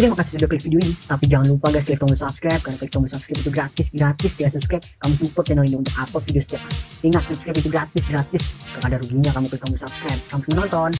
Terima kasih sudah klik video ini. Tapi jangan lupa guys klik tombol subscribe karena klik tombol subscribe itu gratis, gratis ya subscribe. Kamu support channel ini untuk upload video setiap hari. Ingat subscribe itu gratis, gratis. Gak ada ruginya kamu klik tombol subscribe. Sampai nonton.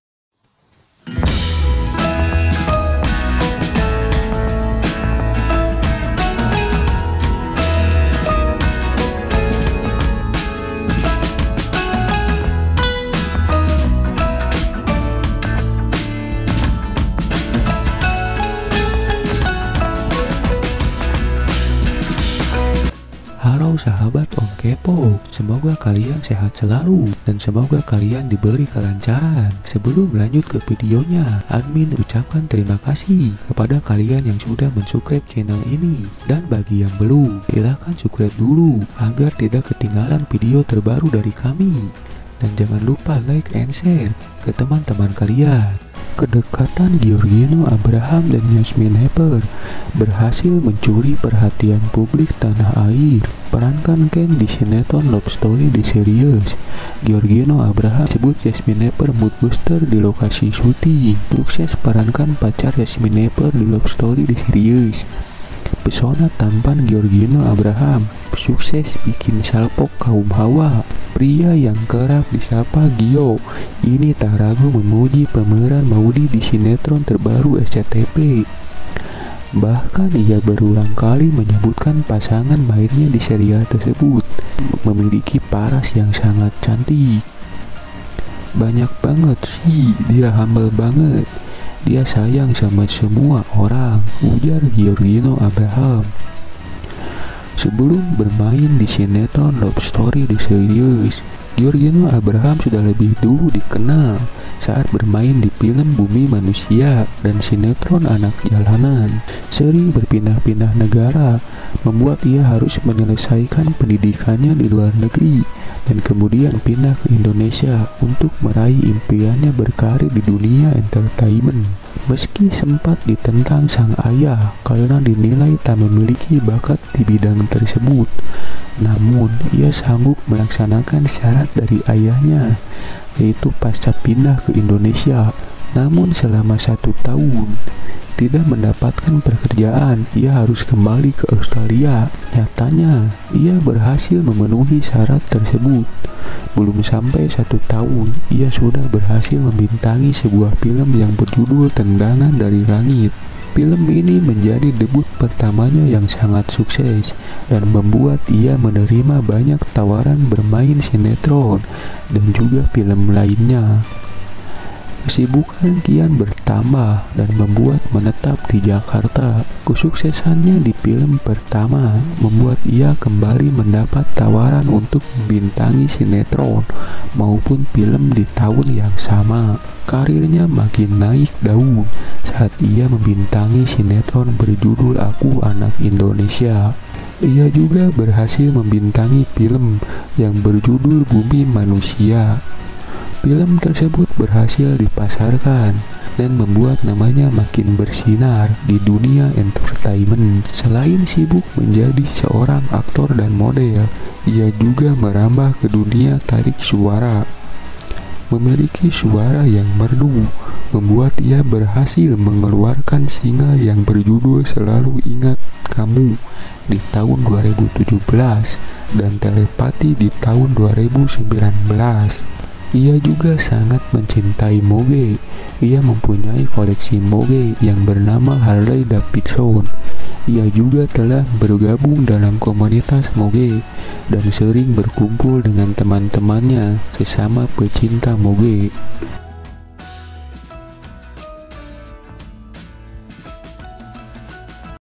Halo sahabat Om Kepo, semoga kalian sehat selalu dan semoga kalian diberi kelancaran. Sebelum lanjut ke videonya, admin ucapkan terima kasih kepada kalian yang sudah mensubscribe channel ini dan bagi yang belum, silahkan subscribe dulu agar tidak ketinggalan video terbaru dari kami. Dan jangan lupa like and share ke teman-teman kalian. Kedekatan Giorgino Abraham dan Yasmin Hepper berhasil mencuri perhatian publik tanah air. Perankan Ken di sinetron Love Story di Sirius, Giorgino Abraham sebut Yasmin Hepper booster di lokasi syuting. Sukses perankan pacar Yasmin Hepper di Love Story di Sirius. Pesona tampan Giorgino Abraham sukses bikin salpok kaum hawa. Pria yang kerap disapa Gio ini tak ragu memuji pemeran Maudi di sinetron terbaru SCTV. Bahkan ia berulang kali menyebutkan pasangan mainnya di serial tersebut memiliki paras yang sangat cantik. Banyak banget sih, dia humble banget. Dia sayang sama semua orang, ujar Giorgino Abraham. Sebelum bermain di sinetron Love Story di serius, Giorgino Abraham sudah lebih dulu dikenal saat bermain di film Bumi Manusia dan sinetron Anak Jalanan. Sering berpindah-pindah negara, membuat ia harus menyelesaikan pendidikannya di luar negeri dan kemudian pindah ke Indonesia untuk meraih impiannya berkarir di dunia entertainment. Meski sempat ditentang sang ayah karena dinilai tak memiliki bakat di bidang tersebut, namun ia sanggup melaksanakan syarat dari ayahnya, yaitu pasca pindah ke Indonesia namun selama satu tahun tidak mendapatkan pekerjaan, ia harus kembali ke Australia. Nyatanya, ia berhasil memenuhi syarat tersebut. Belum sampai satu tahun, ia sudah berhasil membintangi sebuah film yang berjudul Tendangan dari Langit. Film ini menjadi debut pertamanya yang sangat sukses dan membuat ia menerima banyak tawaran bermain sinetron dan juga film lainnya. Kesibukan kian bertambah dan membuat menetap di Jakarta. Kesuksesannya di film pertama membuat ia kembali mendapat tawaran untuk membintangi sinetron maupun film di tahun yang sama. Karirnya makin naik daun saat ia membintangi sinetron berjudul Aku Anak Indonesia. Ia juga berhasil membintangi film yang berjudul Bumi Manusia Film tersebut berhasil dipasarkan dan membuat namanya makin bersinar di dunia entertainment. Selain sibuk menjadi seorang aktor dan model, ia juga merambah ke dunia tarik suara. Memiliki suara yang merdu, membuat ia berhasil mengeluarkan singa yang berjudul Selalu Ingat Kamu di tahun 2017 dan Telepati di tahun 2019. Ia juga sangat mencintai moge. Ia mempunyai koleksi moge yang bernama Harley Davidson. Ia juga telah bergabung dalam komunitas moge dan sering berkumpul dengan teman-temannya sesama pecinta moge.